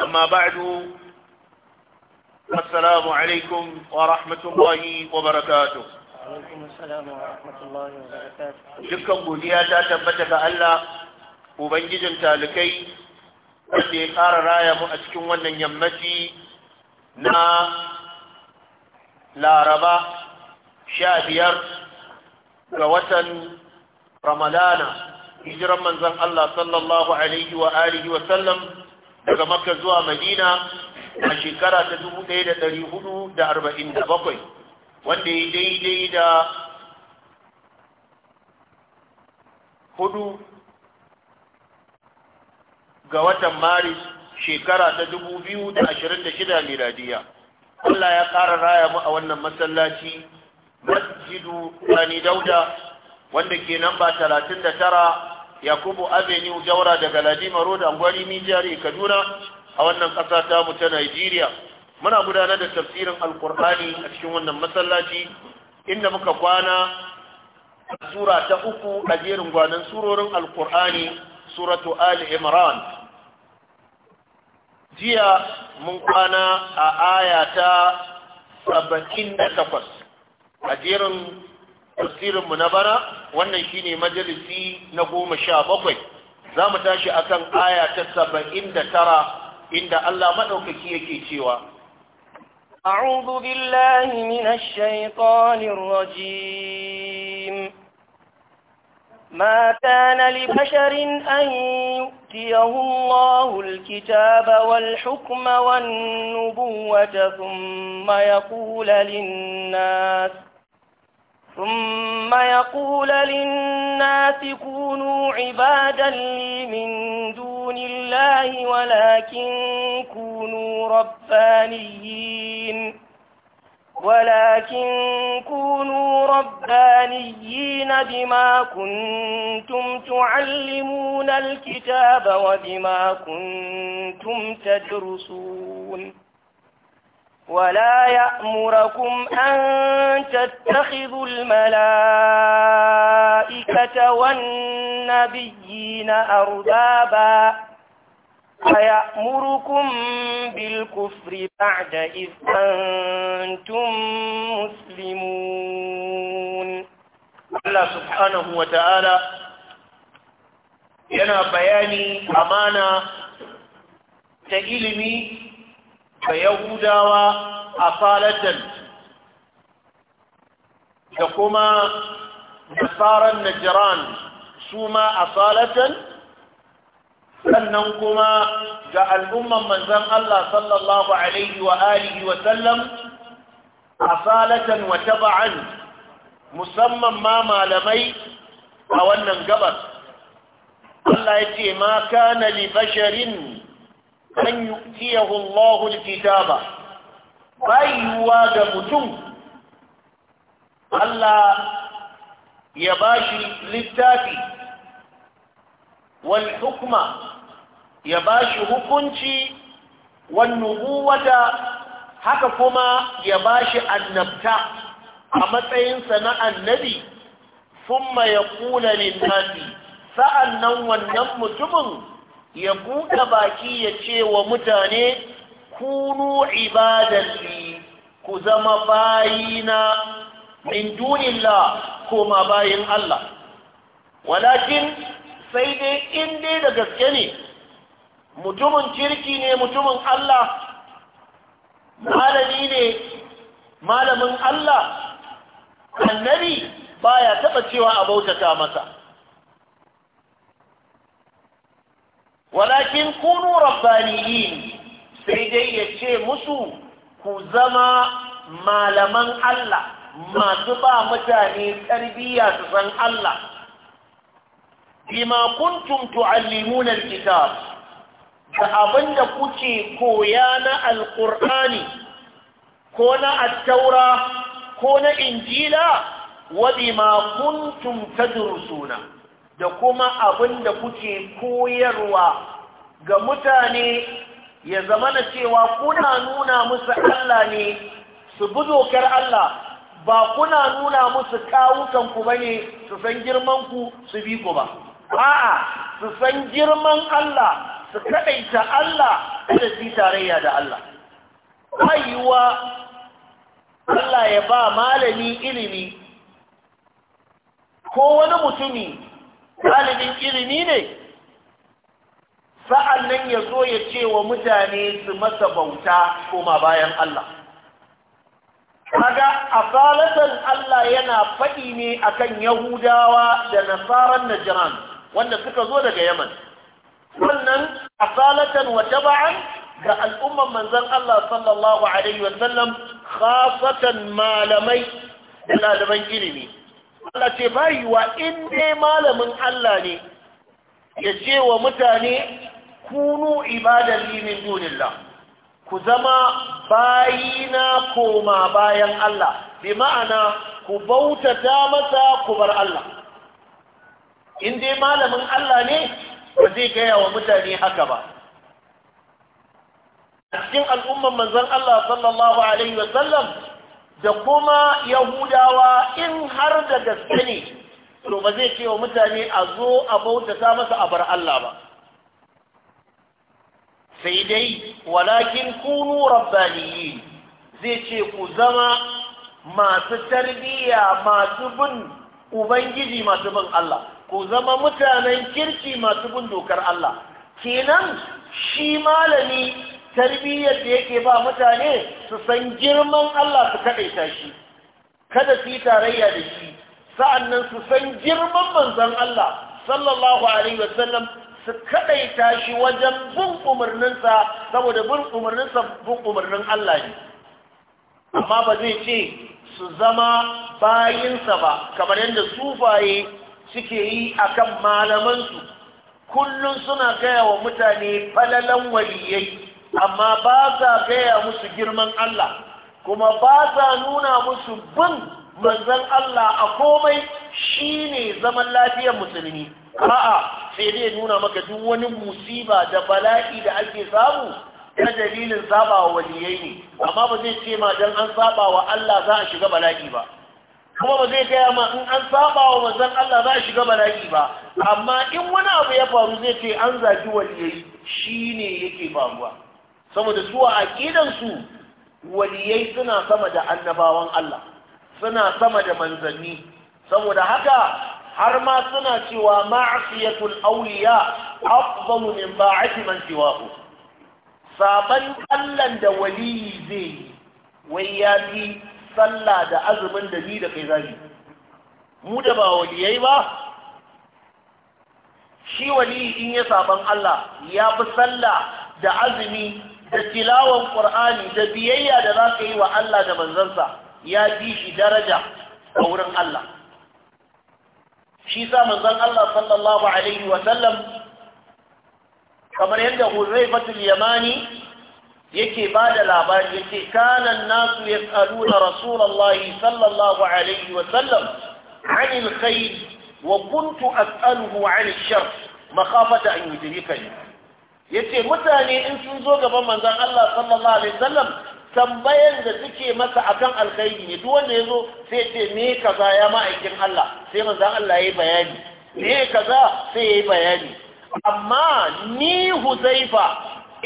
أما بعد السلام عليكم ورحمة الله وبركاته wa dukkan godiya ta tabbata ga Allah ubangijin talikai wanda ya ƙara raya mu a cikin wannan yammaci na laraba sha biyar ga watan ramadana hijiran manzon Allah sallallahu alaihi wa alihi wa sallam daga makka zuwa madina a shekara ta 1447 wanda ya daidai da hudu ga watan maris shekara ta 2026 miladiya Allah ya ƙara raya mu a wannan masallaci masjidu Sani Dauda wanda ke namba 39 yakubu avenue jaura daga ladima road angwari mijiyar kaduna a wannan kasa ta mu ta nigeria muna gudanar da tafsirin alkur'ani a cikin wannan masallaci inda muka kwana sura ta uku a jerin gwanon surorin alkur'ani suratu ali imran jiya mun kwana a aya ta saba'in da takwas a jerin tafsirinmu na bana wannan shine majalisi na goma sha bakwai za mu tashi a kan aya ta saba'in da tara inda Allah maɗaukaki yake cewa أعوذ بالله من الشيطان الرجيم ما كان لبشر أن يؤتيه الله الكتاب والحكم والنبوة ثم يقول للناس ثم يقول للناس كونوا عبادا لي من دون الله ولكن كونوا ربانيين ولكن كونوا ربانيين بما كنتم تعلمون الكتاب وبما كنتم تدرسون ولا يأمركم أن تتخذوا الملائكة والنبيين أربابا أيأمركم بالكفر بعد إذ أنتم مسلمون الله سبحانه وتعالى ينا بياني أمانة تإلمي ga yahudawa a falatan da kuma nasaran najiran su ma a falatan sannan kuma ga al'umman manzan Allah sallallahu Alaihi wa alihi wa sallam a falatan wa musamman ma malamai a wannan gabas Allah ya ce ma kana li basharin an yu'tiyahu Allahu al-kitaba bayuwa ga mutum Allah ya bashi littafi wal hukma ya bashi hukunci wan nubuwata haka kuma ya bashi annabta a matsayinsa na annabi thumma yaqulu lin-nasi sa'annan wannan mutumin ya buɗe baki ya ce wa mutane kunu ibadalli ku zama bayina min dunillah koma bayin Allah walakin sai dai in dai da gaske ne mutumin kirki ne mutumin Allah malami ne malamin Allah annabi baya taba cewa a bautata masa walakin kunu rabbaniyin sai dai ya ce musu ku zama malaman Allah masu ba mutane tarbiyya su san Allah bima kuntum tuallimuna alkitab da abinda kuke koya na alqur'ani ko na Attaura ko na injila wa bima kuntum tadrusuna da kuma abin da kuke koyarwa ga mutane ya zama na cewa kuna nuna musu Allah ne su bi dokar Allah ba kuna nuna musu kawukanku ba ne su san girmanku su bi ku ba a'a su san girman Allah su kaɗaita Allah da su tarayya da Allah ayyuwa Allah ya ba malami ilimi ko wani mutumi ɗalibin ilimi ne sa'an nan ya zo ya ce wa mutane su masa bauta koma bayan Allah kaga asalatan Allah yana faɗi ne akan Yahudawa da nasaran Najran wanda suka zo daga Yaman wannan asalatan wa taba'an ga al'umman manzon Allah sallallahu alaihi Wasallam khasatan malamai da ɗaliban ilimi Allah ce ba wa in dai malamin Allah ne ya ce wa mutane kunu ibadar limin dunillah ku zama bayina koma bayan Allah bi ma'ana ku bauta ta masa ku bar Allah in dai malamin Allah ne ba zai gaya wa mutane haka ba a cikin al'umman manzon Allah sallallahu alaihi wasallam da kuma yahudawa in har da gaske ne to ba zai ce wa mutane a zo a bautata masa a bar Allah ba sai dai walakin kunu rabbaniyi zai ce ku zama masu tarbiyya masu bin ubangiji masu bin Allah ku zama mutanen kirki masu bin dokar Allah kenan shi malami tarbiyyar da yake ba mutane su san girman Allah su kaɗaita shi kada su yi tarayya da shi sa'annan su san girman manzon Allah sallallahu alaihi wasallam su kaɗaita shi wajen bin umarninsa saboda bin umarninsa bin umarnin Allah ne amma ba zai ce su zama bayinsa ba kamar yadda sufaye suke yi akan malamansu kullum suna gaya wa mutane falalan waliyai amma ba za gaya musu girman Allah kuma ba za nuna musu bin manzon Allah a komai ne zaman lafiyar musulmi a'a sai dai nuna maka duk wani musiba da bala'i da ake samu ta dalilin saba wa waliyai ne amma ba zai ce ma dan an saba wa Allah za a shiga bala'i ba kuma ba zai gaya ma in an saba wa manzon Allah za a shiga bala'i ba amma in wani abu ya faru zai ce an zagi waliyai ne yake faruwa saboda su a su waliyai suna sama da annabawan Allah suna sama da manzanni saboda haka har ma suna cewa ma'asiyatul auliya afdalu min ba'ati man siwahu saban Allah da waliyi zai wai ya fi sallah da azumin da ni da kai zai mu da ba waliyai ba shi waliyi in ya saban Allah ya fi sallah da azumi da tilawan ƙur'ani da biyayya da zaka yi wa Allah da manzansa ya fi shi daraja a wurin Allah shi sa manzon Allah sallallahu alaihi kamar yadda Huzaifatul Yamani yake ba da labari yake kanan nasu ya tsaluna rasulallahi sallallahu alaihi wasallam anil wa kuntu as'aluhu anil shar makhafata an yudrikani yace mutane in sun zo gaban manzon Allah sallallahu alaihi wasallam tambayar da suke masa akan alkhairi ne duk wanda yazo sai ce me kaza ya ma'aikin Allah sai manzon Allah yayi bayani me kaza sai yayi bayani amma ni Huzaifa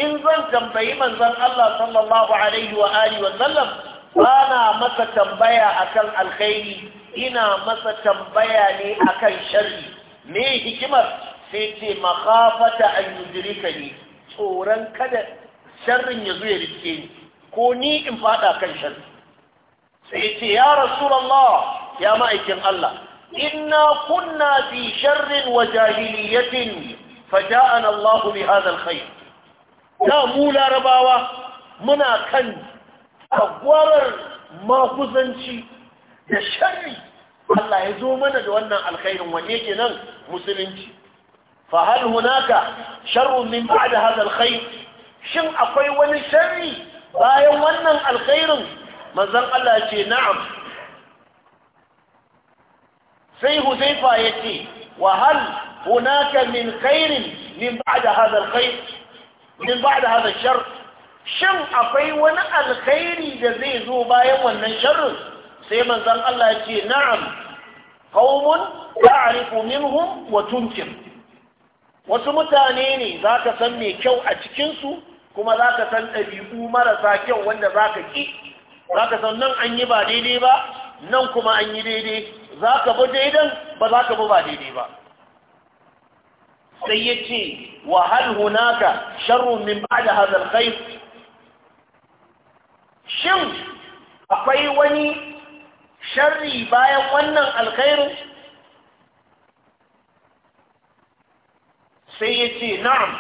in zan tambayi manzon Allah sallallahu alaihi wa alihi sallam bana masa tambaya akan alkhairi ina masa tambaya ne akan sharri me hikimar sai ce makhafata an yudrika ni tsoron kada sharrin ya zo ya riske ni ko ni in fada kan sharri sai ce ya rasulallah ya ma'aikin Allah inna kunna fi sharrin wa jahiliyatin faja'ana Allah bi hadha alkhair da mu larabawa muna kan tsagwarar makusanci da sharri Allah ya zo mana da wannan alkhairin wanne kenan musulunci فهل هناك شر من بعد هذا الخير شن أقوي وني شري بايا ونن الخير مزن الله يتي نعم سي حذيفة يتي وهل هناك من خير من بعد هذا الخير من بعد هذا الشر شن أقوي وني الخير جزي زو بايا ونن شر سي مزن الله يتي نعم قوم تعرف منهم وتنكر wasu mutane ne za ka san mai kyau a cikinsu kuma za ka san ɗabi'u marasa kyau wanda za ka ƙi za ka san nan an yi ba daidai ba nan kuma an yi daidai za ka bi daidan ba za ka bi ba daidai ba sai ya ce wa hal hunaka min ba'da hadha alkhair shin akwai wani sharri bayan wannan alkhairin sai ya ce na'am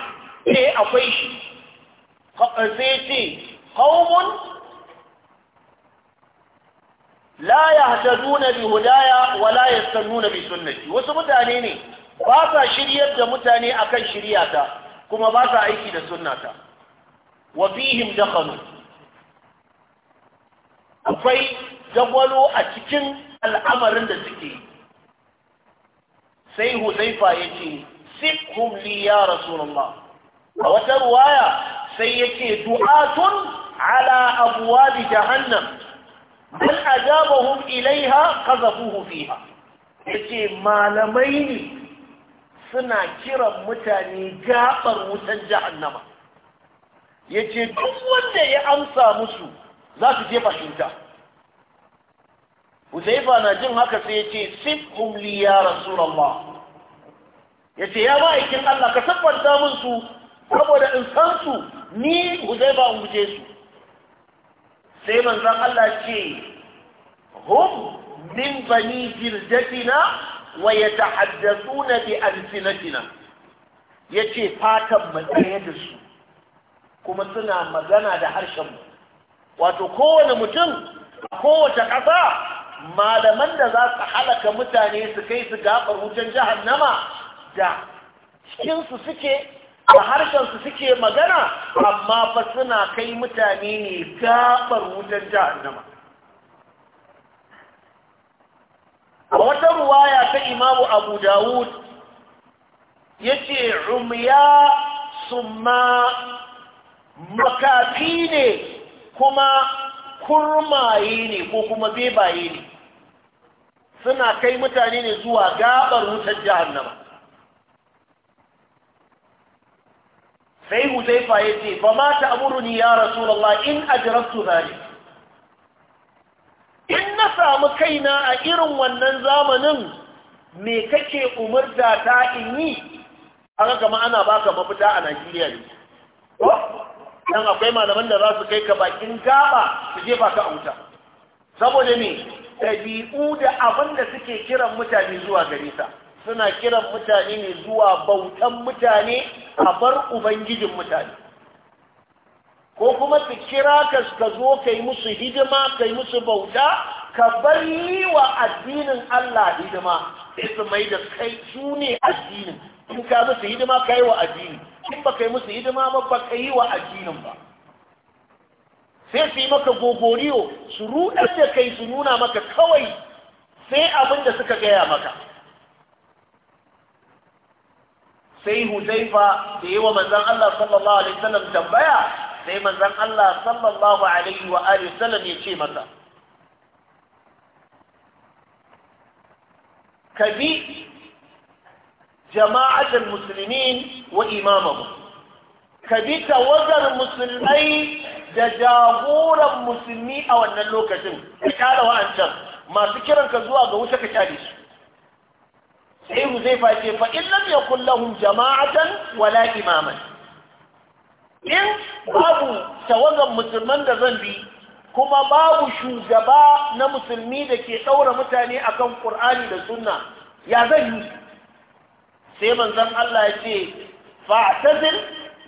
eh akwai shi eh, sai ya ce qaumun la yahtaduna bi hudaya wa la yastanuna bi sunnati wasu mutane ne ba sa shiryar da mutane akan shiryata kuma ba sa aiki da sunnata wa fihim dakhalu akwai dagwalo a cikin al'amarin da suke sai huzaifa ya ce sifhum li ya rasulullah a wata ruwaya sai yake du'atun ala abwabi jahannam man ajabahum ilaiha qazafuhu fiha yace malamai ne suna kiran mutane gabar wutan jahannama yace duk wanda ya amsa musu za su je fahimta. Huzaifa na jin haka sai yace sifhum li ya rasulallah. ya ce ya ma'aikin Allah ka sabbanta min su saboda in san su ni huzai ba in su sai manzan Allah ce hum min bani jirjatina wa ya tahaddathuna bi alsinatina ya ce fatan mu da su kuma suna magana da harshen mu wato kowane mutum kowace ƙasa malaman da za su halaka mutane su kai su gabar wutan jahannama da cikinsu suke da harshensu suke magana amma fa suna kai mutane ne gabar wutar jahannama a wata ruwaya ta imamu abu dawud ya ce rumiya summa makafi ne kuma kurmaye ne ko kuma bebaye ne suna kai mutane ne zuwa gabar wutar jahannama sai huzaifa ya ce ba ma ta ni ya rasu, Allah in ajiyarsu zalik in na samu kaina a irin wannan zamanin me kake umarta ta in yi aka kama ana baka mafita a Najeriya ne dan akwai malaman da za su kai ka bakin gaba su jefa ka a wuta saboda me ɗabi'u da abin da suke kiran mutane zuwa gare sa suna kiran mutane ne zuwa bautan mutane a bar ubangijin mutane ko kuma su kira ka ka zo ka yi musu hidima ka musu bauta ka bar yi wa addinin Allah hidima sai su mai da kai su ne addinin in ka musu hidima ka yi wa addini in ba ka musu hidima ba ba ka yi wa addinin ba sai su yi maka gogoriyo su ruɗar da kai su nuna maka kawai sai abin da suka gaya maka sai huzaifa da yi wa manzan Allah sallallahu alaihi wasallam tambaya sai manzan Allah sallallahu alaihi wa alihi wasallam ya ce masa ka bi jama'atul muslimin wa imamahu ka bi tawagar musulmai da jagoran musulmi a wannan lokacin ka kyara wa'ancan masu kiranka zuwa ga wuta ka kyale su sai zai ce fa in lam yakul lahum jama'atan wala imaman in babu tawagan musulman da zan bi kuma babu shugaba na musulmi da ke daura mutane akan Kur'ani da sunna ya zan yi sai manzon Allah ya ce fa'tazil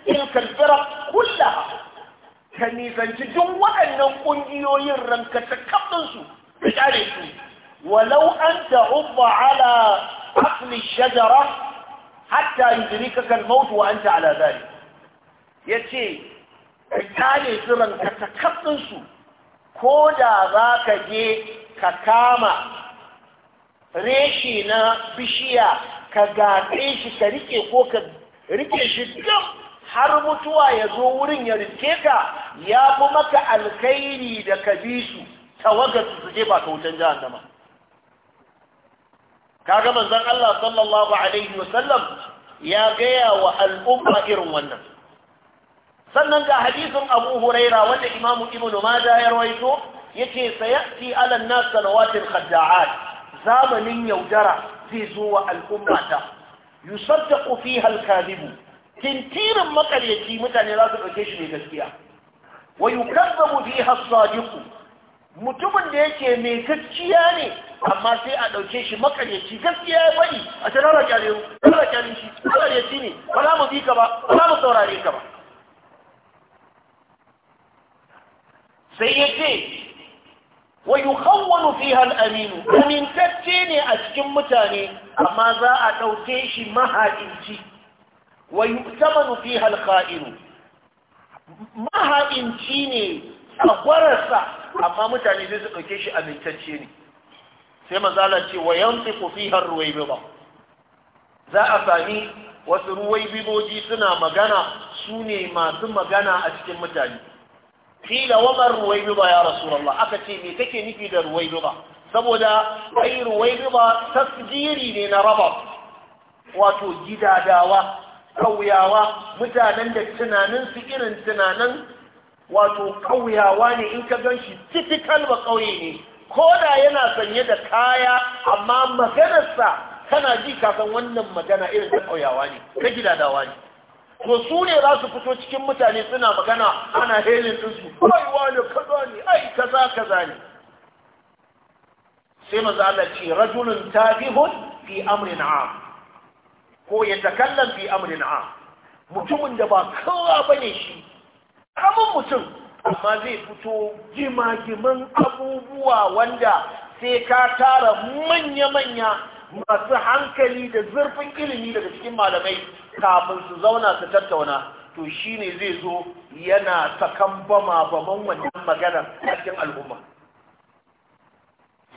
tilka al-firaq kullaha ka nisanci duk waɗannan ƙungiyoyin ranka ta kaɗinsu da ƙyale su walau an ta'ubba ala أكل الشجرة حتى يدركك الموت وأنت على ذلك يتي كالي سرن كتكبنسو كودا ذاك جي je ka kama, reshe na bishiya, ka rike shi duk har mutuwa ya zo wurin ya rike ka ya fi maka alkhairi da ka bi su tawagar su je ba kautan jahannama kaga manzon Allah sallallahu alaihi wasallam ya gaya wa al'umma irin wannan sannan ga hadisin Abu Huraira wanda Imam Ibn Majah ya rawaito yace sayati ala an-nas salawatil khadda'at zamanin yaudara zai zo wa al'umma ta yusaddaqu fiha al-kadhibu tintirin makaryaci mutane za su dauke shi mai gaskiya wa yukazzabu fiha as-sadiqu mutumin da yake mai gaskiya ne amma sai a ɗauke shi makaryaci gaskiya ya bari a ce rara kyale yau rara kyale shi makaryaci ne ba za mu bi ka ba ba za mu saurare ka ba sai ya ce wa yukhawwanu fiha hal aminu amintacce ne a cikin mutane amma za a ɗauke shi maha'inci wa yu'tamanu fiha hal khainu maha'inci ne kwararsa, amma mutane zai suka ke shi amintacce ne sai mazala ce wa yanzu ku fi har ruwai za a sami wasu ruwai suna magana su ne masu magana a cikin mutane kila wamar ruwai biba ya rasulallah aka ce mai take nufi da ruwai saboda ai ruwai tasgiri ne na raba wato gidadawa ƙauyawa mutanen da tunaninsu irin tunanin wato ƙauyawa ne in ka gan shi typical ba ƙauye ne ko da yana sanye da kaya amma maganarsa kana ji kasan wannan magana irin ta ƙauyawa ne ta gidadawa ne to su ne za su fito cikin mutane suna magana ana helin su ai wane kaza ne ai kaza kaza ne sai maza Allah ce rajulun tabihun fi amrin am ko ya fi amrin am mutumin da ba kowa bane shi kamun mutum amma zai fito jimagiman abubuwa wanda sai ka tara manya-manya masu hankali da zurfin ilimi daga cikin malamai kafin su zauna su tattauna to shi ne zai zo yana sakan bama baman wannan magana a cikin al'umma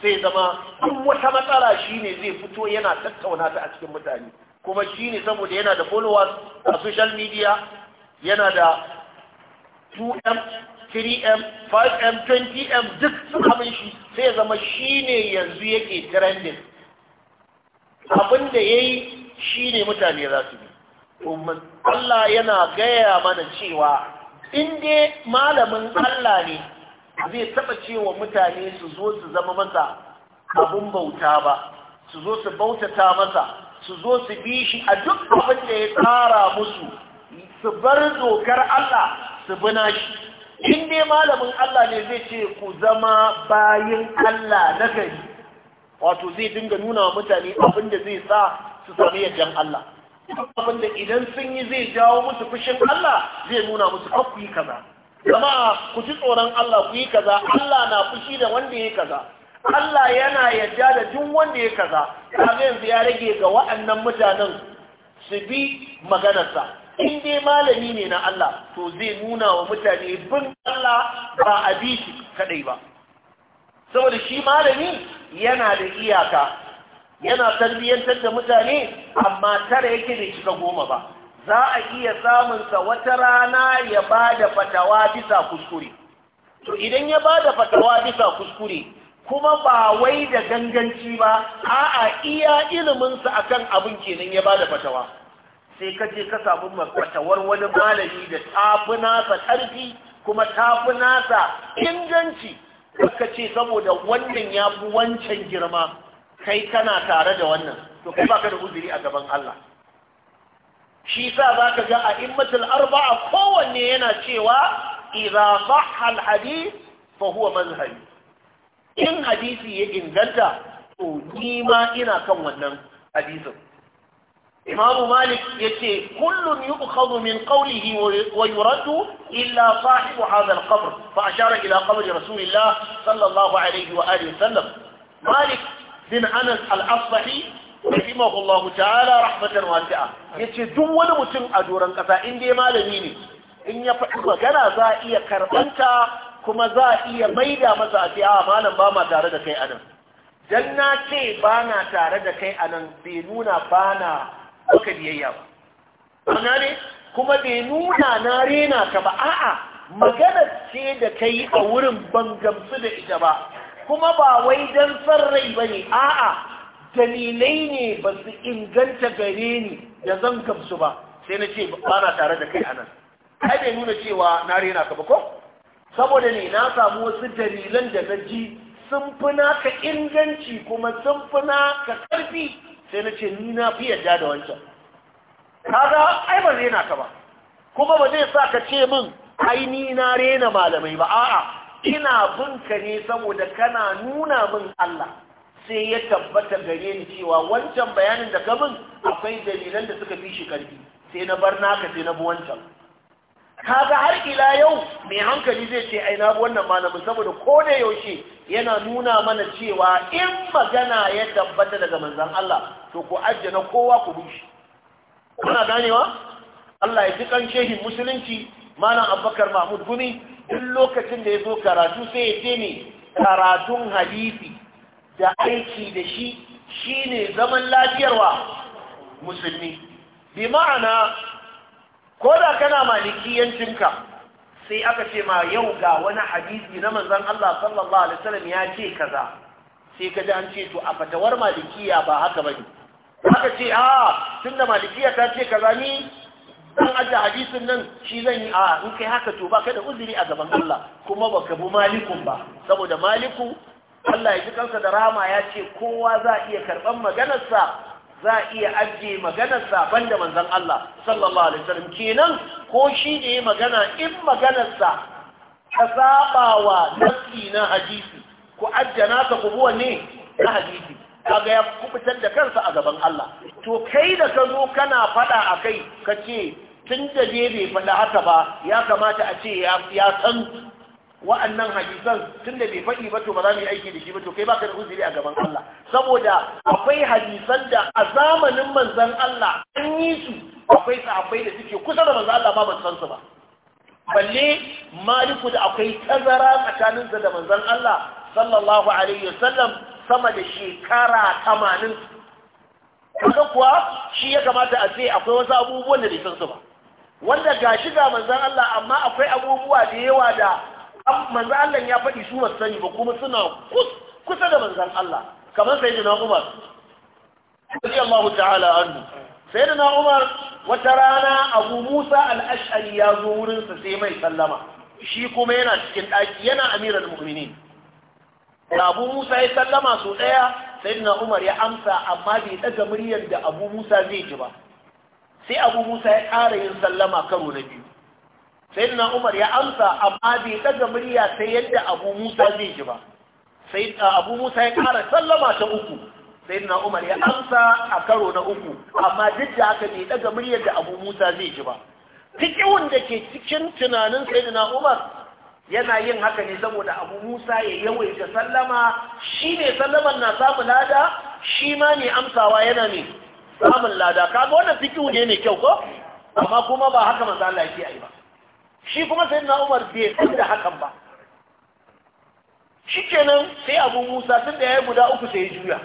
sai zama kun wata matsala shi ne zai fito yana tattauna ta a cikin mutane kuma shi ne saboda yana da followers a social media yana da 2M 3M 5M 20M duk su abin shi sai zama shi ne yanzu yake trending abin da ya yi shi ne mutane za su bi Allah yana gaya mana cewa in dai malamin Allah ne zai taɓa cewa mutane su zo su zama masa abin bauta ba su zo su bautata masa su zo su bi shi a duk abin da ya tsara musu su bar dokar Allah su shi in dai malamin Allah ne zai ce ku zama bayin Allah na gari wato zai dinga nuna wa mutane abin da zai sa su sami yajen Allah abin da idan sun yi zai jawo musu fushin Allah zai nuna musu ku yi kaza jama'a ku ji tsoron Allah ku yi kaza Allah na fushi da wanda ya kaza Allah yana yadda da duk wanda ya kaza kaga yanzu ya rage ga wa'annan mutanen su bi maganarsa in dai malami ne na Allah to zai nuna wa mutane bin Allah ba a bi shi kadai ba saboda shi malami yana da iyaka yana tarbiyyantar da mutane amma tara yake da shiga goma ba za a iya samun sa wata rana ya ba da fatawa bisa kuskure to idan ya ba da fatawa bisa kuskure kuma ba wai da ganganci ba a'a iya iliminsa akan abin kenan ya ba da fatawa sai ka je ka samu makwatawar wani malami da tafi nasa ƙarfi kuma tafi nasa inganci ka ce saboda wannan ya fi wancan girma kai kana tare da wannan to kai baka da uzuri a gaban Allah shi sa za ka ga a immatul arba'a kowanne yana cewa idza sahha al hadith fa huwa mazhabi in hadisi ya inganta to ni ma ina kan wannan hadisin imamu malik ya ce kullum yi ukhadu min qawlihi wa yuraddu illa sahibu hadha al-qabr fa ashara ila qabri rasulillah sallallahu alaihi wa alihi sallam malik bin anas al-asbahi rahimahullahu ta'ala rahmatan wasi'a ce duk wani mutum a doron kasa in dai malami ne in ya faɗi magana za a iya karɓanta kuma za a iya maida masa a fiya malam ba ma tare da kai anan dan na ce ba na tare da kai anan bai nuna ba na baka biyayya ba ne kuma bai nuna na rena ka ba a'a maganar ce da kai a wurin ban gamsu da ita ba kuma ba wai don san rai ba ne a'a dalilai ne ba su inganta gare ni da zan gamsu ba sai na ce ba na tare da kai anan nan bai nuna cewa na rena ka ba ko saboda ne na samu wasu dalilan da na ji sun fi naka inganci kuma sun fi naka ƙarfi sai na ce ni na fi yarda da wancan kaga ai ba rena ka ba kuma ba zai sa ka ce min ai ni na rena malamai ba a'a ina bin ka ne saboda kana nuna min Allah sai ya tabbata gare ni cewa wancan bayanin da ka min akwai dalilan da suka fi shi karfi sai na bar naka sai na bi wancan kaga har ila yau mai hankali zai ce ai na wannan malamin saboda ko da yaushe yana nuna mana cewa in magana ya tabbata daga manzan Allah to ku ajjana na kowa ku bushe kuna ganewa Allah ya ji kan musulunci mana Abubakar Mahmud Gumi duk lokacin da ya zo karatu sai ya ce ne karatun hadisi da aiki da shi shine zaman lafiyarwa musulmi bi ma'ana ko da kana yancin ka. sai aka ce ma yau ga wani hadisi na manzon Allah sallallahu alaihi wasallam ya ce kaza sai ka an ce to a fatawar malikiya ba haka bane aka ce a ah, tunda malikiya ta ce kaza ni dan aje hadisin nan shi zan yi a in kai haka to baka da uzuri a gaban Allah kuma baka bu malikun ba saboda maliku Allah ya ji kansa da rahama ya ce kowa za a iya karban maganarsa za a iya ajiye maganarsa banda manzon Allah sallallahu alaihi wasallam kenan ko shi ne magana in maganarsa ta saba wa nasi na hadisi ku ajjana ka buwa ne na hadisi kaga ya kubutar da kansa a gaban Allah to kai da ka zo kana fada a kai ka ce tun da je bai faɗa haka ba ya kamata a ce ya san wa'annan hadisan tun da bai faɗi ba to ba za mu yi aiki da shi ba to kai baka da uzuri a gaban Allah saboda akwai hadisan da a zamanin manzon Allah an yi su akwai sahabbai da suke kusa da manzo Allah ma ba san su ba balle maliku da akwai tazara tsakaninsa da manzo Allah sallallahu alaihi wasallam sama da shekara 80 kaga kuwa shi ya kamata a ce akwai wasu abubuwan da bai san su ba wanda gashi ga manzo Allah amma akwai abubuwa da yawa da manzo Allah ya faɗi su ba sani ba kuma suna kusa da manzo Allah kamar sayyidina Umar radiyallahu ta'ala anhu sai da na umar wata rana abu musa al'ashari ya zo wurinsa sai mai sallama shi kuma yana cikin ɗaki yana amirar mu'minin da abu musa ya sallama sau ɗaya sai da na umar ya amsa amma bai ɗaga muryar da abu musa zai ji ba sai abu musa ya ƙara yin sallama karo na biyu sai da umar ya amsa amma bai ɗaga murya sai yadda abu musa zai ji ba sai abu musa ya ƙara sallama ta uku sai na umar ya amsa a karo na uku amma duk da haka bai daga muryar da abu musa zai ji ba fikiwun da ke cikin tunanin sai na umar yana yin haka ne saboda abu musa ya da sallama shi ne sallaman na samun lada shi ma ne amsawa yana ne samun lada kaga wannan fikiwu ne mai kyau ko amma kuma ba haka manzo Allah yake yi ba shi kuma sai na umar bai san da hakan ba shikenan sai abu musa tun da ya yi guda uku sai ya juya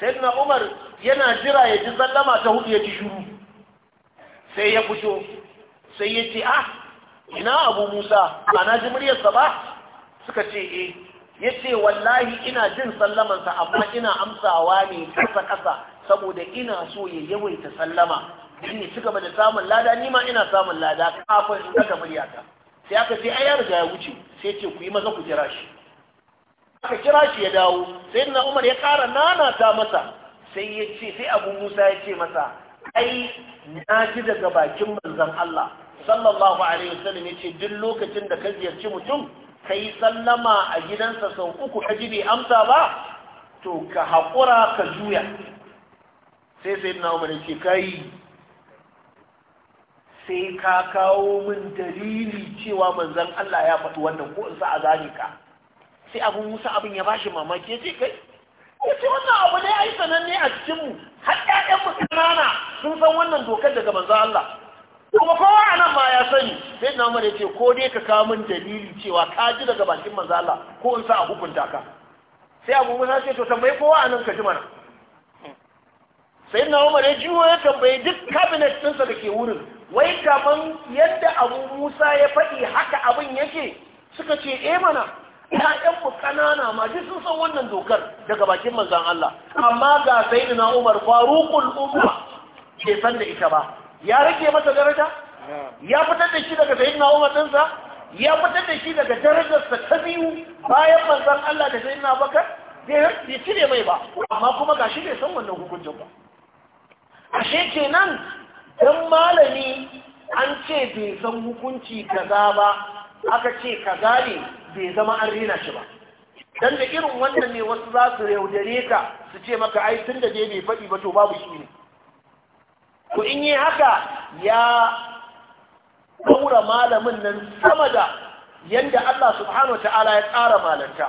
Sai umar yana jira ya ji sallama ta hudu ya ci shuru sai ya fito sai ya ce ah ina abu musa ba na ji muryarsa ba suka ce eh ya ce wallahi ina jin sallamansa amma ina amsawa ne kasa kasa saboda ina so ya yawaita sallama in ci gaba da samun lada ni ma ina samun lada kafin in daga muryata sai aka ce ai ya riga ya wuce sai ce ku yi maza ku jira shi aka kira shi ya dawo sai na umar ya nana nanata masa sai ya ce sai abu musa ya ce masa ai na ji daga bakin manzon Allah sallallahu alaihi wasallam ya ce duk lokacin da ka ziyarci mutum ka yi sallama a gidansa sau uku ka ji bai amsa ba to ka haƙura ka juya sai sai na umar ya ce ka sai ka kawo min dalili cewa manzon Allah ya faɗi wannan ko in sa a ka sai abu musa abin ya bashi mamaki ya ce kai ya ce wannan abu ne ai sananne a cikinmu har ƴaƴan mu ƙanana sun san wannan dokar daga manzo Allah kuma kowa a nan ma ya sani sai na umar ya ce ko dai ka kawo min dalili cewa ka ji daga bakin manzo Allah ko in sa a hukunta ka sai abu musa ce to tambayi kowa a nan ka ji mana sai na umar ya jiwo ya tambayi duk cabinet ɗinsa da ke wurin wai kaman yadda abu musa ya faɗi haka abin yake suka ce eh mana ƴaƴanmu ƙanana ma duk sun san wannan dokar daga bakin manzon Allah amma ga sayyidina Umar Faruqul Umma ke san da ita ba ya rike masa daraja ya fitar da shi daga sayyidina Umar ɗinsa ya fitar da shi daga darajarsa ta biyu bayan manzon Allah da sayyidina Abubakar bai cire mai ba amma kuma ga shi bai san wannan hukuncin ba ashe kenan dan malami an ce bai san hukunci kaza ba aka ce kaza ne bai zama an rina shi ba dan da irin wannan ne wasu za su yaudare ka su ce maka ai tun da bai faɗi ba to babu shi ne ku in yi haka ya ɗaura malamin nan sama da yadda Allah subhanahu wa ta'ala ya tsara malanta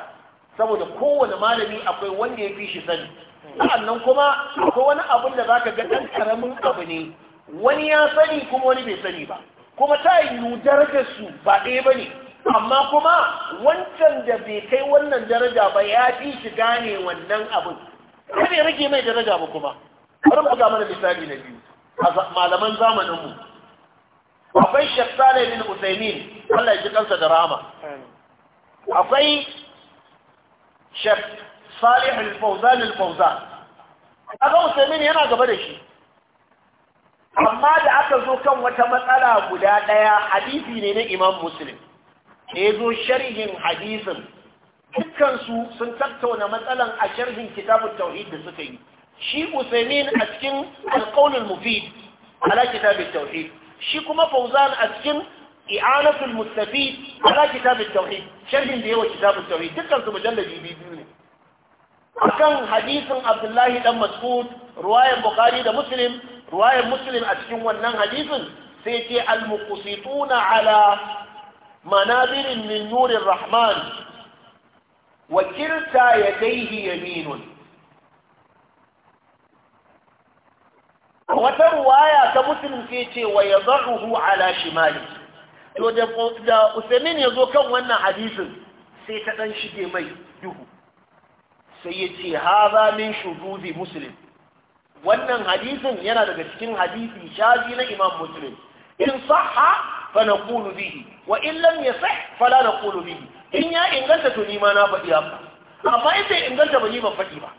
saboda kowane malami akwai wanda ya fi shi sani sa'annan kuma akwai wani abin da zaka ga ɗan karamin abu ne wani ya sani kuma wani bai sani ba kuma ta yiwu darajar su ba ɗaya ba ne amma kuma wancan da bai kai wannan daraja ba ya fi shi gane wannan abin kada ya rage mai daraja ba kuma bari mu ga mana misali na biyu a malaman zamanin mu akwai Sheikh Saleh bin Uthaymeen Allah ya ji kansa da rama. akwai Sheikh Salih al-Fawzan al-Fawzan kaga Uthaymeen yana gaba da shi amma da aka zo kan wata matsala guda daya hadisi ne na Imam Muslim da ya zo sharhin hadisin dukansu sun tattauna matsalan a sharhin kitabun tauhid da suka yi shi usaimin a cikin alƙaunin mufid ala kitabun tauhid shi kuma fauzan a cikin i'anatul mustafid ala kitabun tauhid sharhin da yawa kitabun tauhid dukkansu mujallabi biyu ne akan hadisin abdullahi dan mas'ud ruwayan bukhari da muslim ruwayan muslim a cikin wannan hadisin sai ce al-muqsituna ala manazirin min nurin rahman wa kirta ya daihi A wata ruwaya ta musulun sai ce wa ya ala shimali to da usamin ya zo kan wannan hadisin sai ta ɗan shige mai duhu sai ya ce haza min shuduzi musulun wannan hadisin yana daga cikin hadisi shafi na imam musulun in sahha fa naqulu bihi wa in lam yasih fala naqulu bihi in ya inganta to ni ma na faɗi haka amma in bai inganta ba yi ban faɗi ba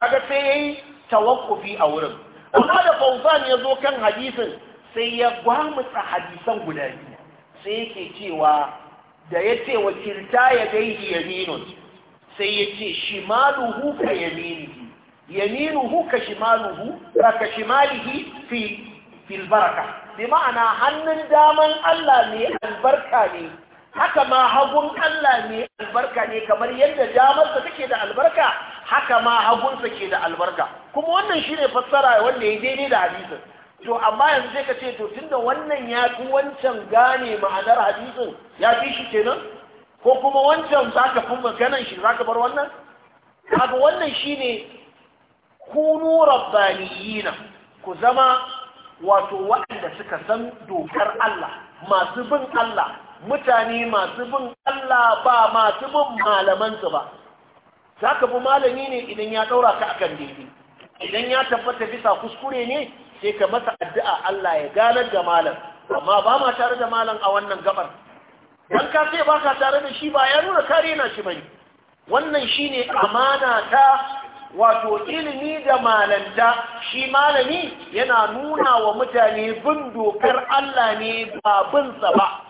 kaga sai yayi tawakkufi a wurin amma da Fauzan ya zo kan hadisin sai ya gwamutsa hadisan guda biyu sai yake cewa da ya ce wa kirta ya gaihi yaminun sai yace ce shimaluhu ka yaminihi yaminuhu ka shimaluhu ka fil baraka bi ma'ana hannun daman Allah ne albarka ne haka ma hagun Allah ne albarka ne kamar yadda damarsa take da albarka haka ma hagunsa ke da albarka kuma wannan shine fassara wanda ya daidai da hadisin to amma yanzu zai ka ce to tunda wannan ya fi wancan gane ma'anar hadisin ya fi shi kenan ko kuma wancan za ka fi maganan shi za ka bar wannan kaga wannan shine kunu rabbaniyina ku zama wato waɗanda suka san dokar Allah masu bin Allah mutane masu bin Allah ba masu bin malamansu ba za ka fi malami ne idan ya ɗaura ka akan daidai idan ya tabbata bisa kuskure ne sai ka masa addu'a Allah ya ganar da malam amma ba ma tare da malam a wannan gabar dan ka sai ba ka tare da shi ba ya nuna kare na shi bane wannan shine amana ta wato ilimi da malanta shi malami yana nuna wa mutane bin dokar Allah ne ba binsa ba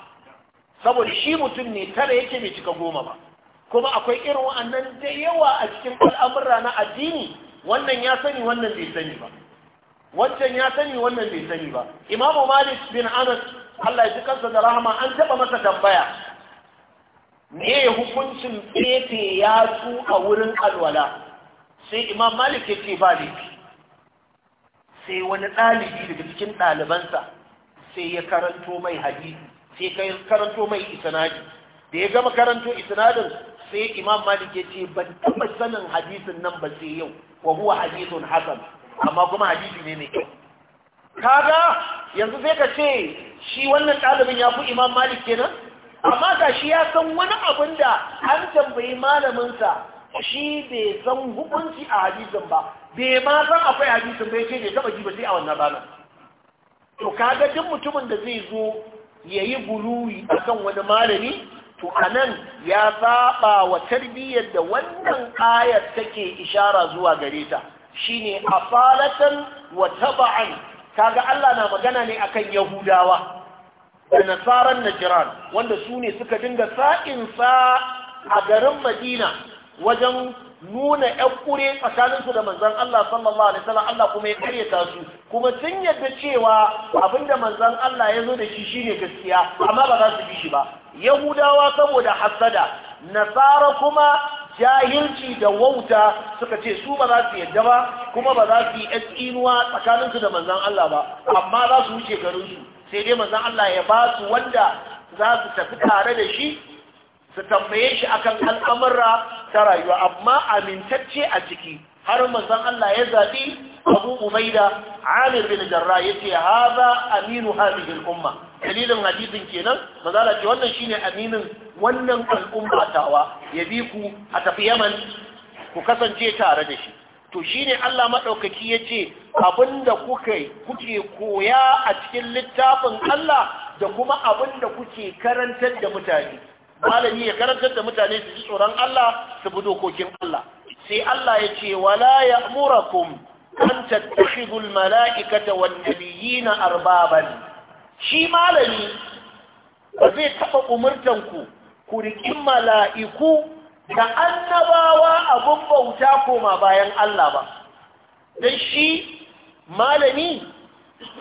saboda shi mutum ne tara yake mai cika goma ba kuma akwai irin wa'annan da yawa a cikin al'amura na addini wannan ya sani wannan bai sani ba wancan ya sani wannan bai sani ba imamu malik bin anas Allah ya ji kansa da rahama an taba masa tambaya me hukuncin ya yatsu a wurin alwala sai imam malik ya ce ba laifi sai wani ɗalibi daga cikin ɗalibansa sai ya karanto mai hadisi sai ka karanto mai isanadi. da ya gama karanto isanadin, sai imam malik ya ce ban taɓa sanin hadisin nan ba sai yau wa huwa hadisun hasan amma kuma hadisi ne mai kyau kaga yanzu sai ka ce shi wannan ɗalibin ya fi imam malik kenan amma ga shi ya san wani abin da an tambayi malaminsa shi bai san hukunci a hadisin ba bai ma zan akwai hadisin ba ce ne taba ji ba sai a wannan ranar to kaga duk mutumin da zai zo ya yayi guluwi kan wani malami to a nan ya saba wa tarbiyyar da wannan ayar take ishara zuwa gare ta shine afalatan wa taba'an kaga Allah na magana ne akan yahudawa da nasaran najiran wanda su ne suka dinga sa'in sa a garin Madina wajen nuna yakure tsakaninsu da manzon Allah sallallahu alaihi wasallam Allah kuma ya karyata su kuma sun yadda cewa abinda manzon Allah ya zo da shi shine gaskiya amma ba za su bi shi ba yahudawa saboda hasada nasara kuma jahilci da wauta suka ce su ba za su yadda ba kuma ba za su yi tsinuwa tsakaninsu da manzon Allah ba amma za su wuce garinsu sai dai manzon Allah ya ba su wanda za su tafi tare da shi su tambaye shi akan al'amura ta rayuwa amma amintacce a ciki har manzon Allah ya zaɓi Abu Ubaida Amir bin ce yace haza aminu hadhihi umma dalilin hadisin kenan manzala ce wannan shine aminin wannan al'umma tawa ya bi ku a tafi Yaman ku kasance tare da shi to shine Allah madaukaki yace abinda kuka kuke koya a cikin littafin Allah da kuma abinda kuke karantar da mutane malami ya karantar da mutane su ji tsoron Allah su bi dokokin Allah sai Allah ya ce wala ya'murakum an tattakhidhu al-mala'ikata wan-nabiyina arbaban shi malami ba zai taba umurtan ku ku rikin mala'iku da annabawa abun bauta koma bayan Allah ba dan shi malami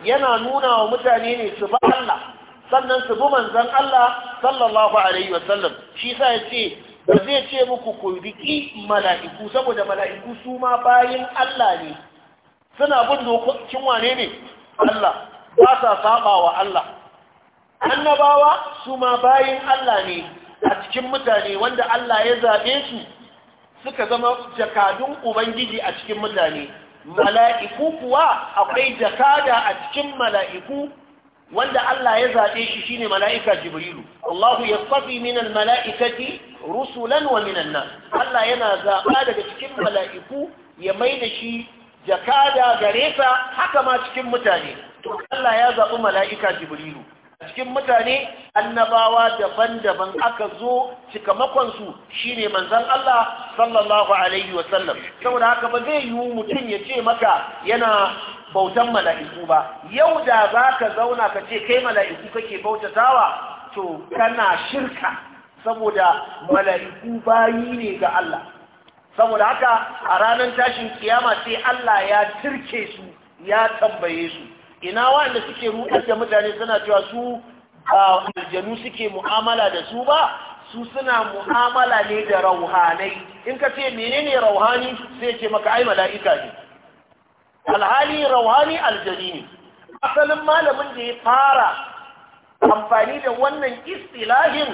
yana nuna wa mutane ne su ba Allah sannan su bi manzon Allah sallallahu alaihi wasallam shi sa yace ba zai ce muku ku riki mala'iku saboda mala'iku su ma bayin Allah ne suna bin dokokin wane ne Allah ba sa saba Allah annabawa su ma bayin Allah ne a cikin mutane wanda Allah ya zabe su suka zama jakadun ubangiji a cikin mutane mala'iku kuwa akwai jakada a cikin mala'iku wanda Allah ya zaɓe shi shine mala'ika Jibrilu Allahu yastafi minal mala'ikati rusulan wa minan nan. Allah yana zaɓa daga cikin mala'iku ya maida shi jakada gare sa haka ma cikin mutane to Allah ya zaɓi mala'ika Jibrilu A cikin mutane annabawa daban-daban aka zo su shine manzan Allah sallallahu alaihi wasallam saboda haka ba zai yiwu mutum ya ce maka yana bautan mala'iku ba yau da za ka zauna ka ce kai mala'iku kake bautatawa to kana shirka saboda mala'iku bayi ne ga Allah saboda haka a ranar tashin kiyama sai Allah ya turke su ya tambaye su ina wanda suke rudar da mutane suna cewa su aljanu suke mu'amala da su ba su suna mu'amala ne da rauhanai in ka ce menene rauhani sai ce maka ai mala'ika ne alhali rawani aljani, ne asalin malamin da ya fara amfani da wannan istilahin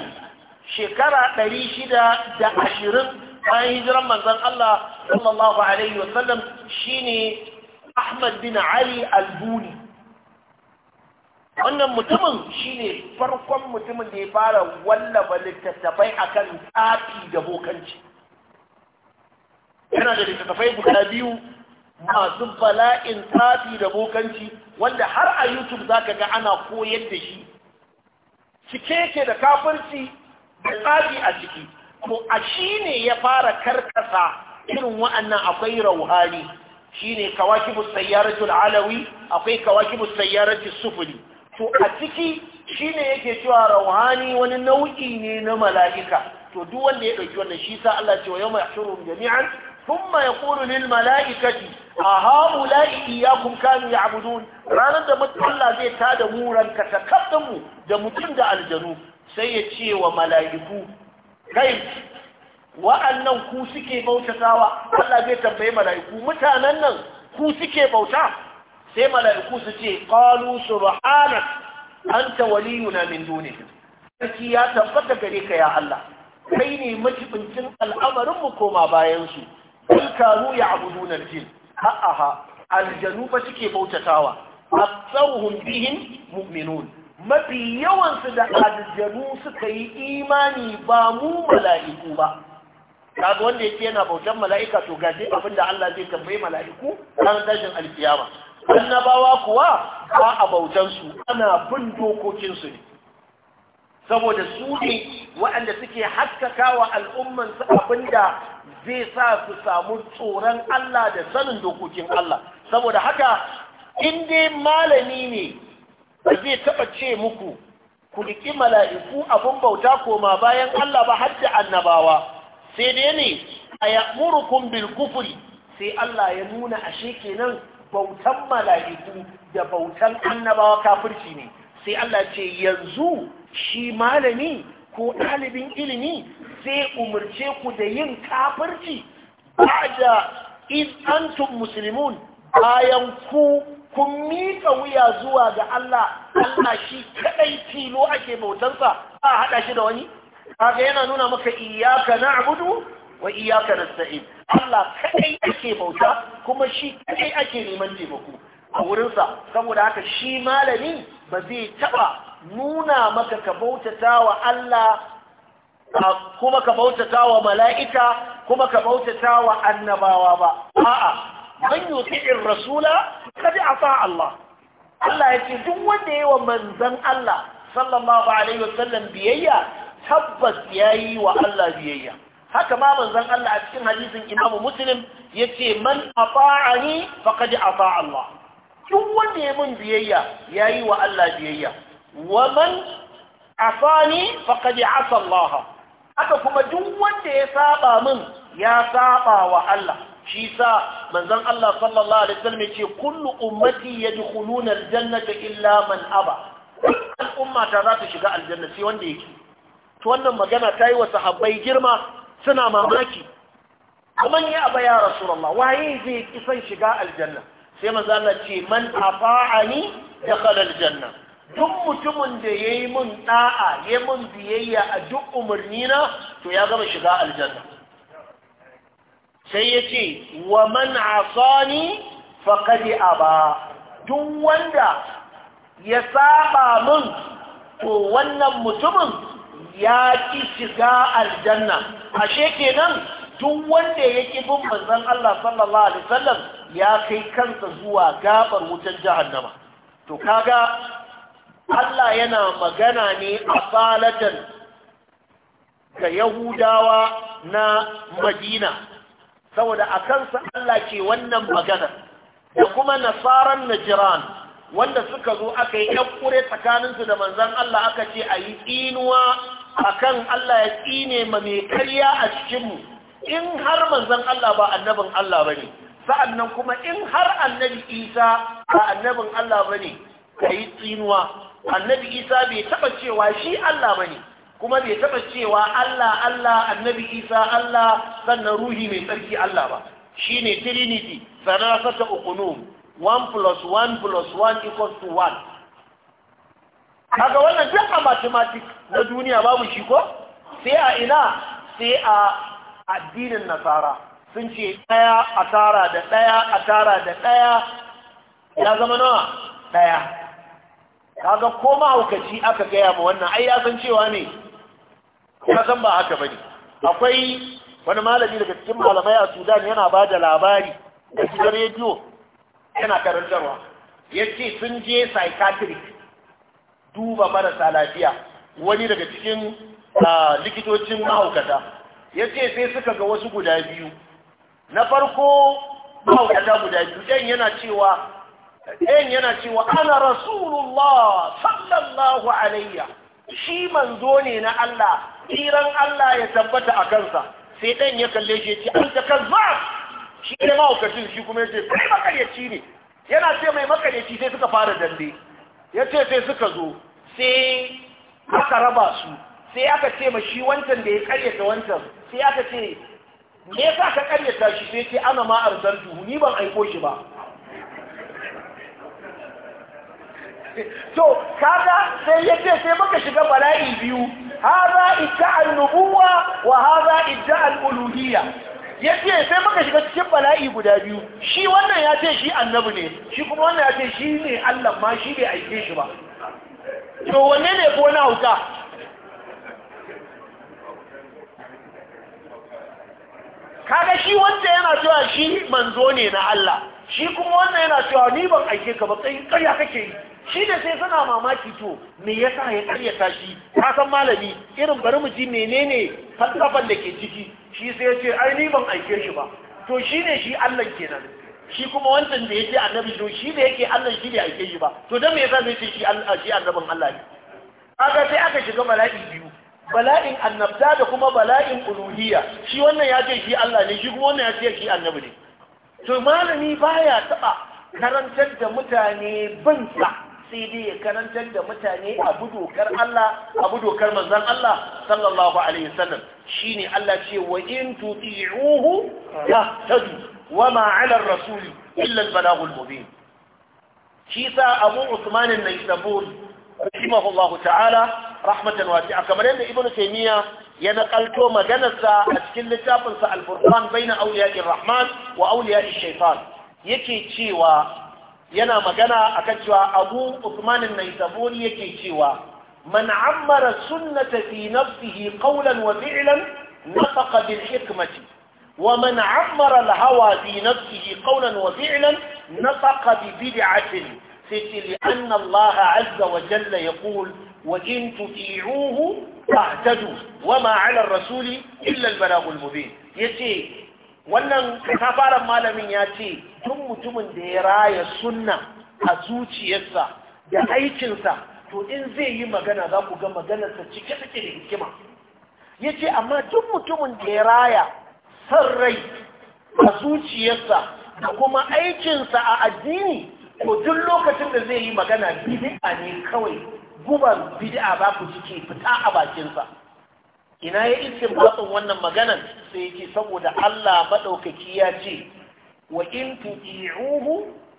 shekara ɗari shida da ashirin bayan hijiran manzon Allah sallallahu alaihi wasallam shine Ahmad bin Ali al-Buni wannan mutumin shine farkon mutumin da ya fara wallafa littattafai akan tsafi da bokanci yana da littattafai guda biyu masu bala'in tsafi da bokanci wanda har a youtube za ka ga ana koyar da shi cike yake da kafirci da tsafi a ciki Ko a shi ne ya fara karkasa irin wa'annan akwai rauhani shi ne Kawaki sayyaratul alawi akwai Kawaki sayyaratul sufuri to a ciki shi ne yake cewa rauhani wani nau'i ne na mala'ika to duk wanda ya ɗauki wannan shi sa Allah cewa yau mai jami'an thumma yaqulu lil malaikati a haula'i iyyakum a gudu. ranar da Allah zai tada mu ranka takaddin da mutum da aljanu sai ya ce wa malaiku kai wa'annan ku suke bautatawa Allah zai tambaye malaiku mutanen nan ku suke bauta sai malaiku su ce qalu subhanak anta waliyuna min dunika sarki ya tabbata gare ka ya Allah kai ne majibincin al'amarin mu koma bayansu? kun kanu ya abudun jin ha'aha aljanu ba suke bautatawa A tsawon bihin mu'minun mafi yawansu da aljanu suka yi imani ba mu mala'iku ba kaga wanda yake yana bautan mala'ika to gaje abinda Allah zai tambayi mala'iku ran tashin alkiyama annabawa kuwa ba a su. ana bin dokokinsu ne saboda su ne waɗanda suke haskaka wa al'ummansu abinda zai sa su samu tsoron Allah da sanin dokokin Allah saboda haka in dai malami ne ba zai taɓa ce muku ku riƙi mala'iku abin bauta koma bayan Allah ba hajji annabawa sai dai ne a ya'murukum bil kufri sai Allah ya nuna ashe kenan bautan mala'iku da bautan annabawa kafirci ne sai Allah ce yanzu shi malami ko ɗalibin ilimi zai umarce ku da yin kafirci ba da in musulmun. bayan ku kun miƙa wuya zuwa ga Allah Allah shi kadai tilo ake bautansa ba haɗa shi da wani kaga yana nuna maka iyaka abudu wa iyaka nasta'in Allah kadai ake bauta kuma shi kadai ake neman taimako a wurinsa saboda haka shi malami ba zai taɓa nuna maka ka bautata wa Allah kuma ka bautata wa mala'ika kuma ka bautata wa annabawa ba a'a man yuti'ir rasula kad asa Allah Allah yace duk wanda yayi wa manzon Allah sallallahu alaihi wasallam biyayya tabbas yayi wa Allah biyayya haka ma manzon Allah a cikin hadisin Imam Muslim yace man ata'ani faqad ata Allah duk wanda yayi min biyayya yayi wa Allah biyayya wa man afani faqad asa Allah haka kuma duk wanda ya saba min ya saba wa Allah shi sa manzon Allah sallallahu alaihi wasallam yace kullu ummati yadkhuluna aljannata illa man aba al'umma ta za ta shiga aljanna sai wanda yake to wannan magana ta yi wa sahabbai girma suna mamaki kaman ya aba ya rasulullah waye zai kisan shiga aljanna sai manzon Allah ce man da dakhala aljanna duk mutumin da ya yi mun ɗa'a ya mun biyayya a duk umarnina to ya gama shiga aljanna sai ya ce wa man asani a ba. duk wanda ya saba mun to wannan mutumin ya ki shiga aljanna ashe kenan duk wanda ya ki bin manzon Allah sallallahu alaihi wasallam ya kai kansa zuwa gabar wutar jahannama to kaga Allah yana magana ne a falatan ga Yahudawa na Madina, saboda a kansa Allah ke wannan magana, da kuma nasaran Najiran wanda suka zo aka yi ƙure tsakaninsu da manzan Allah aka ce a yi tsinuwa a kan Allah ya tsine ma mai karya a cikinmu, in har manzan Allah ba annabin Allah ba ne, sa'an kuma in har annabi Isa ba annabin Allah ba ne, ka yi tsinuwa. annabi isa bai taba cewa shi Allah bane kuma bai taba cewa Allah Allah annabi isa Allah sannan ruhi mai tsarki Allah ba Shi ne trinity sata uqunum 1 plus 1 plus 1 equals to 1 kaga wannan duk a na duniya babu shi ko sai a ina sai a addinin nasara sun ce daya a tara da daya a tara da daya ya zama nawa daya kaga ko mahaukaci aka gaya ma wannan ai ya san cewa ne ya san ba haka bane akwai wani malami daga cikin malamai a Sudan yana ba da labari da cikin rediyo yana karantarwa yace sun je psychiatric duba marasa lafiya wani daga cikin likitocin mahaukata yace sai suka ga wasu guda biyu na farko mahaukata guda biyu ɗan yana cewa ɗayan yana cewa ana rasulullah sallallahu alayya shi manzo ne na Allah tiran Allah ya tabbata a kansa sai dan ya kalle shi ya ce an ta kazza shi ne mahaukacin shi kuma ya ce kai makaryaci ne yana ce mai makaryaci sai suka fara dambe ya ce sai suka zo sai aka raba su sai aka ce ma shi wancan da ya karyata wancan sai aka ce me yasa ka karyata shi sai ce ana ma arzantu ni ban aiko shi ba to kaga sai ya ce sai muka shiga bala'i biyu haza idda nubuwa wa haza idda al-uluhiyya ya ce sai muka shiga cikin bala'i guda biyu shi wannan ya ce shi annabi ne shi kuma wannan ya ce shi ne Allah ma shi bai aike shi ba to wanne ne ko na hauka kaga shi wanda yana cewa shi manzo ne na Allah shi kuma wannan yana cewa ni ban aike ka ba kai ƙarya kake yi shi da sai suna mamaki to me yasa ya karya tashi ka san malami irin bari mu ji menene falsafan da ke ciki shi sai ya ce ai ni ban aike shi ba to shi ne shi Allah kenan shi kuma wancan da yake annabi to shi da yake Allah shi ne aike shi ba to dan me yasa zai ce shi Allah shi annabin Allah ne kaga sai aka shiga bala'i biyu bala'in annabta da kuma bala'in uluhiyya shi wannan ya ce shi Allah ne shi kuma wannan ya ce shi annabi ne to malami baya taba karantar da mutane bansa sai ya karantar da mutane abu dokar Allah abu dokar manzon Allah sallallahu alaihi wasallam shine Allah ce wa in tuti'uhu tahtadu wa ma 'ala ar-rasul illa al-balagh al-mubin shi sa Abu Usman an-Naisabur rahimahullahu ta'ala rahmatan wasi'a kamar yadda Ibn Taymiyyah ya nakalto maganarsa a cikin littafinsa Al-Furqan baina awliya'i rahman wa awliya'i shaytan yake cewa yana magana kan cewa abu usman naisaburi yake cewa man ammara sunnata fi nafsihi qawlan wa fi'lan nafaqa bil hikmati wa man ammara al hawa fi nafsihi qawlan wa fi'lan nafaqa bi bid'atin sai li'anna Allah azza wa jalla yaqul wa in tuti'uhu tahtadu wa ma 'ala ar-rasuli illa al-balagh al-mubin yace wannan kafaran malamin ya ce tun mutumin da ya raya sunna a zuciyarsa da aikinsa to in zai yi magana za ku ga maganarsa cike take da hikima ya ce amma tun mutumin da ya raya san rai a zuciyarsa da kuma aikinsa a addini ko duk lokacin da zai yi magana bid'a ne kawai guban bid'a ba ku cike fita a bakinsa ina ya iskin batsun wannan maganan sai yake saboda Allah maɗaukaki ya ce wa in tuti'uhu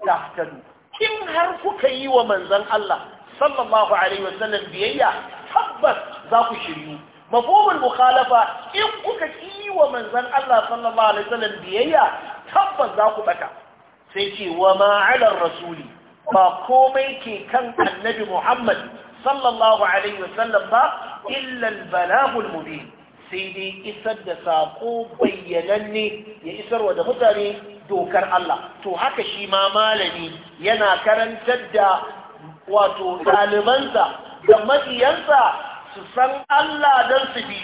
tahtadu in har kuka yi wa manzon Allah sallallahu alaihi wasallam biyayya tabbas za ku shiryu mafhumul mukhalafa in kuka yi wa manzon Allah sallallahu alaihi wasallam biyayya tabbas za ku bata sai ce wa ma ala rasuli ba komai ke kan annabi Muhammad sallallahu alaihi wasallam ba Illan al-balagul sai dai isar da sako bayyananne ya isarwa da mutane dokar Allah to haka shi ma malami yana karantar da wato ɗalibansa da mabiyansa su san Allah don su bi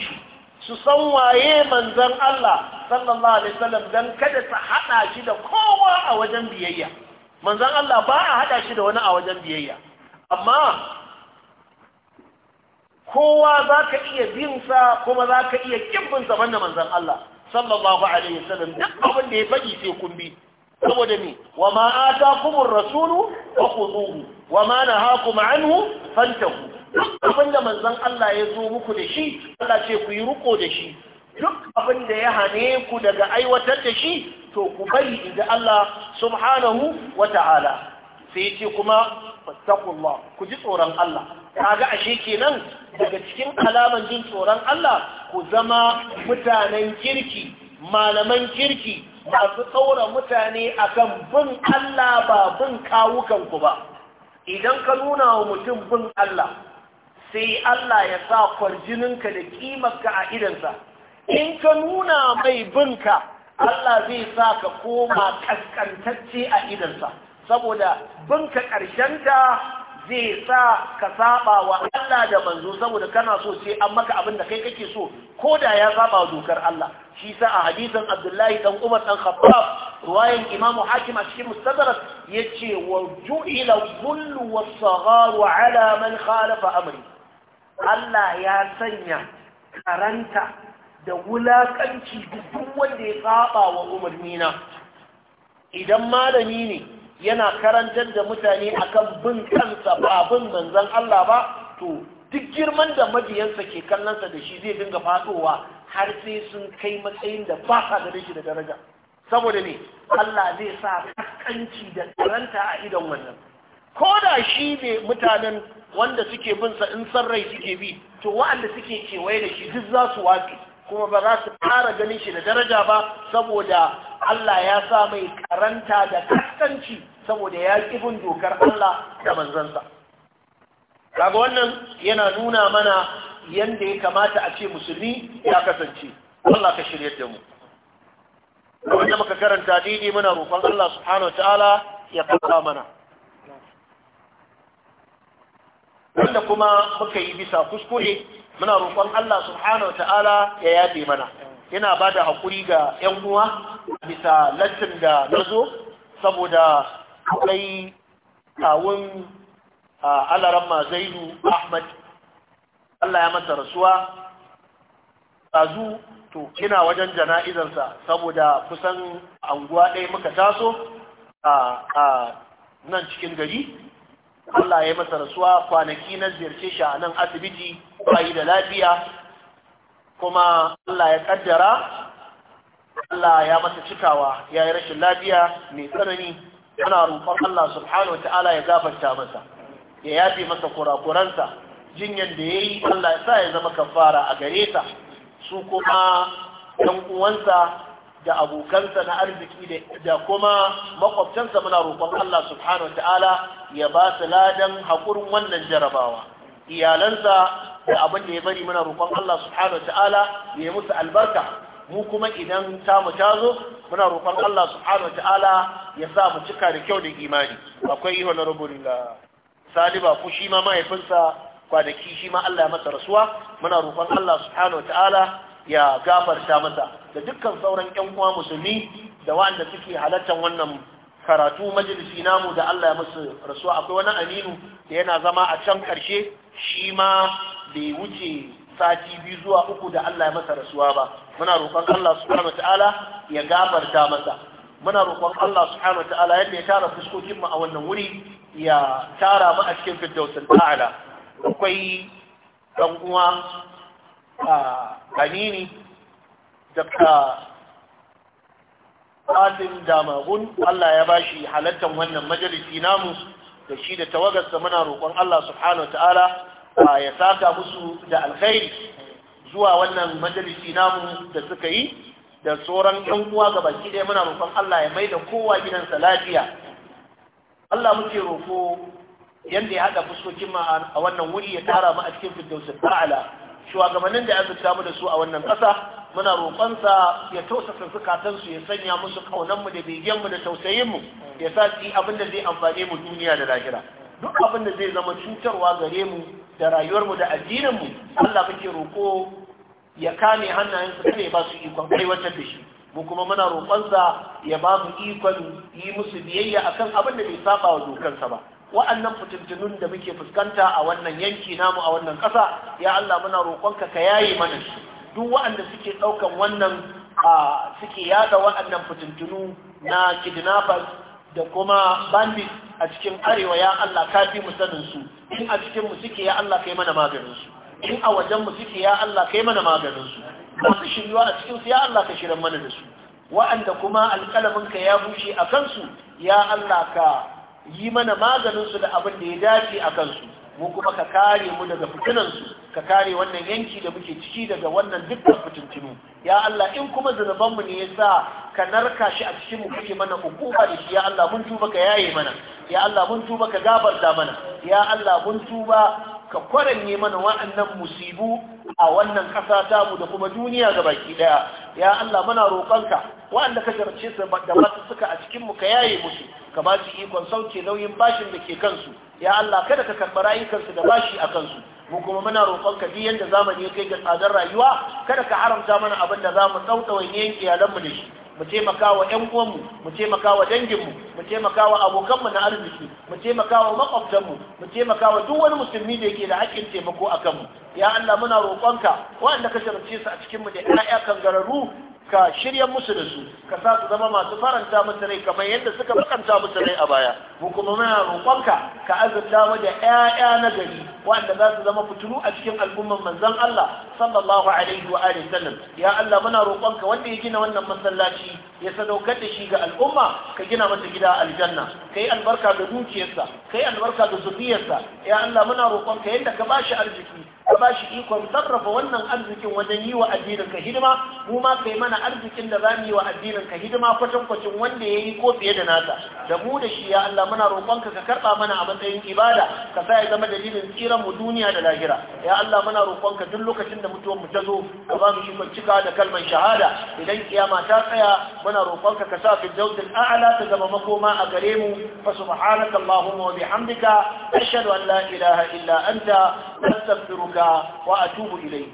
su san waye manzon Allah sallallahu alaihi wasallam don kada su haɗa shi da kowa a wajen biyayya manzon Allah ba a haɗa shi da wani a wajen biyayya amma kowa za ka iya sa kuma za ka iya kimbin zaman da manzan Allah sallallahu alaihi wasallam duk abin da ya fadi sai kun bi saboda me wa ma atakumur rasulu fakhuduhu wa ma nahakum anhu fantahu duk abin da manzan Allah ya zo muku da shi Allah ce ku yi ruko da shi duk abin da ya hane ku daga aiwatar da shi to ku bari inda Allah subhanahu wa ta'ala sai ce kuma fattaqullah ku ji tsoron Allah kaga ashe kenan daga cikin alaman jin tsoron Allah ku zama mutanen kirki malaman kirki masu tsaura mutane akan bin Allah ba bin kawukanku ba idan ka nuna wa mutum bin Allah sai Allah ya sa kwarjininka da kimarka a idansa in ka nuna mai binka Allah zai sa ka koma kaskantacce a idansa saboda binka ƙarshenta zai sa ka saba wa Allah da manzo saboda kana so sai an maka abin da kai kake so ko da ya saba wa dokar Allah shi sa a hadisin Abdullahi dan Umar dan Khattab ruwayan Imam Hakim a cikin Mustadrak yace wa ju'ila dhullu was-saghar ala man khalafa amri Allah ya sanya karanta da wulakanci duk wanda ya saba wa umarnina idan malami ne yana karantar da mutane akan bin kansa ba bin manzan Allah ba to duk girman da majiyansa ke kallonsa da shi zai dinga fadowa har sai sun kai matsayin da ba sa gare shi da daraja saboda ne Allah zai sa kaskanci da karanta a idon wannan ko da shi ne mutanen wanda suke bin sa in san rai suke bi to wa'anda suke kewaye da shi duk za su wafi kuma ba za su ƙara ganin shi da daraja ba saboda Allah ya sa mai karanta da kaskanci saboda ya ƙi bin dokar Allah da manzansa Raga wannan yana nuna mana yadda ya kamata a ce musulmi ya kasance Allah ka shirya da mu wanda muka karanta daidai muna roƙon Allah subhanahu ta'ala ya kasa mana wanda kuma muka yi bisa kuskure muna roƙon Allah subhanahu ta'ala ya yafe mana ina ba da haƙuri ga 'yan uwa bisa lattin da nazo zo saboda akwai kawun alaran Zainu ahmad Allah ya masa rasuwa ɗazu to ina wajen jana'izarsa saboda kusan anguwa ɗaya muka taso a nan cikin gari Allah ya masa rasuwa kwanaki na ziyarce shi a nan asibiti bayi da lafiya kuma Allah ya kaddara Allah ya masa cikawa ya yi rashin lafiya mai tsanani ana roƙon Allah subhanahu wa ta'ala ya gafarta masa ya yafe masa kurakuransa jinyan da ya yi Allah ya sa ya zama kafara a gare sa su kuma ɗan uwansa da abokansa na arziki da kuma makwabtansa muna roƙon Allah subhanahu ta'ala ya ba su ladan haƙurin wannan jarabawa iyalansa da abin da ya bari muna roƙon Allah subhanahu ta'ala ya yi musu albarka mu kuma idan tamu ta zo muna roƙon Allah subhanahu ta'ala ya sa mu cika da kyau da imani akwai honorable saliba ko shi ma mahaifinsa kwanaki shi ma Allah ya masa rasuwa muna roƙon Allah subhanahu ta'ala ya gafarta masa da dukkan sauran ƴan uwa musulmi da wanda suke halartar wannan karatu majalisi namu da Allah ya musu rasuwa akwai wani aminu da yana zama a can ƙarshe shi ma bai wuce sati biyu zuwa uku da Allah ya masa rasuwa ba muna roƙon Allah subhanahu ta'ala ya gafarta masa muna roƙon Allah subhanahu ta'ala yadda ya tara fuskokin mu a wannan wuri ya tara mu a cikin firdausul ta'ala akwai dan uwa kanini daga ɗalin damagun Allah ya bashi halattar wannan majalisi namu da shi da tawagarsa muna roƙon Allah subhanahu wa ta'ala ya saka musu da alkhairi zuwa wannan majalisi namu da suka yi da sauran ɗan uwa ga baki ɗaya muna roƙon Allah ya maida kowa gidansa lafiya Allah muke roƙo yadda ya haɗa fuskokin a wannan wuri ya tara mu a cikin firdausul ta'ala shugabannin da ya azurta mu da su a wannan ƙasa muna roƙonsa ya tausasa zukatansu ya sanya musu ƙaunanmu da begenmu da tausayinmu ya sa su abin da zai amfane mu duniya da lahira duk abin da zai zama cutarwa gare mu da rayuwarmu da addininmu Allah muke roƙo ya kame hannayensu kada ya ba su ikon aiwatar da shi mu kuma muna roƙonsa ya ba mu ikon yi musu biyayya akan abin da bai saba wa dokansa ba wa'annan fitintunun da muke fuskanta a wannan yanki namu a wannan ƙasa ya Allah muna roƙonka ka yayi mana su duk wa'anda suke ɗaukan wannan suke yada wa'annan fitintunu na kidnappers da kuma bandits a cikin arewa ya Allah ka fi mu sanin su in a cikin mu suke ya Allah kai mana maganin su in a wajen mu suke ya Allah kai mana maganin su masu shiryuwa a cikin su ya Allah ka shirin mana da su wa'anda kuma alƙalamin ka ya bushe a kansu ya Allah ka yi mana maganinsu da abin da ya dace a kansu mu kuma ka kare mu daga fitinansu ka kare wannan yanki da muke ciki daga wannan dukkan fitintinu ya Allah in kuma zunubanmu ne sa ka narka shi a cikin mu kake mana hukuma da shi ya Allah mun tuba ka yaye mana ya Allah mun tuba ka gabarta mana ya Allah mun tuba ka kwaranye mana wa'annan musibu a wannan ƙasa mu da kuma duniya ga baki ɗaya ya Allah muna roƙonka wa'anda ka jarce su da su suka a cikin mu ka yaye musu ka ba su ikon sauke nauyin bashin da ke kansu ya Allah kada ka karɓi rayukansu da bashi a kansu mu kuma muna roƙon ka duk yanda zamani ya kai ga tsadar rayuwa kada ka haramta mana abin da zamu tsautsawa yanke iyalanmu da shi mu taimaka wa ƴan uwanmu mu taimaka wa danginmu mu taimaka wa abokanmu na arziki mu taimaka wa makwabtanmu mu taimaka wa duk wani musulmi da yake da haƙƙin taimako a kanmu ya Allah muna roƙonka waɗanda ka sharce su a cikin mu da ƴaƴa kangararru ka shirya musu da su ka sa su zama masu faranta musu rai kamar yadda suka bakanta musu rai a baya mu kuma muna roƙonka ka azurta mu da 'ya'ya na gari wanda za su zama fitulu a cikin al'umman manzon Allah sallallahu alaihi wa alihi sallam ya Allah muna roƙonka wanda ya gina wannan masallaci ya sadaukar da shi ga al'umma ka gina mata gida aljanna kai albarka ga dukiyarsa kai albarka da zuriyarsa ya Allah muna roƙonka yadda ka bashi arziki ka ba shi ikon sarrafa wannan arzikin wajen yi wa addinin ka hidima mu ma kai mana arzikin da za mu yi wa addinin ka hidima kwatankwacin wanda ya yi ko fiye da nasa da mu da shi ya Allah muna roƙonka ka karɓa mana a matsayin ibada ka sa ya zama dalilin tsiran mu duniya da lahira ya Allah muna roƙonka duk lokacin da mutuwar mu ta zo ka ba mu shi cika da kalman shahada idan kiyama ta tsaya muna roƙonka ka sa fi jawdin a'la ta zama makoma a gare mu fa subhanaka allahumma wa bihamdika ashhadu an la ilaha illa anta astaghfiruka wa atubu ilayhi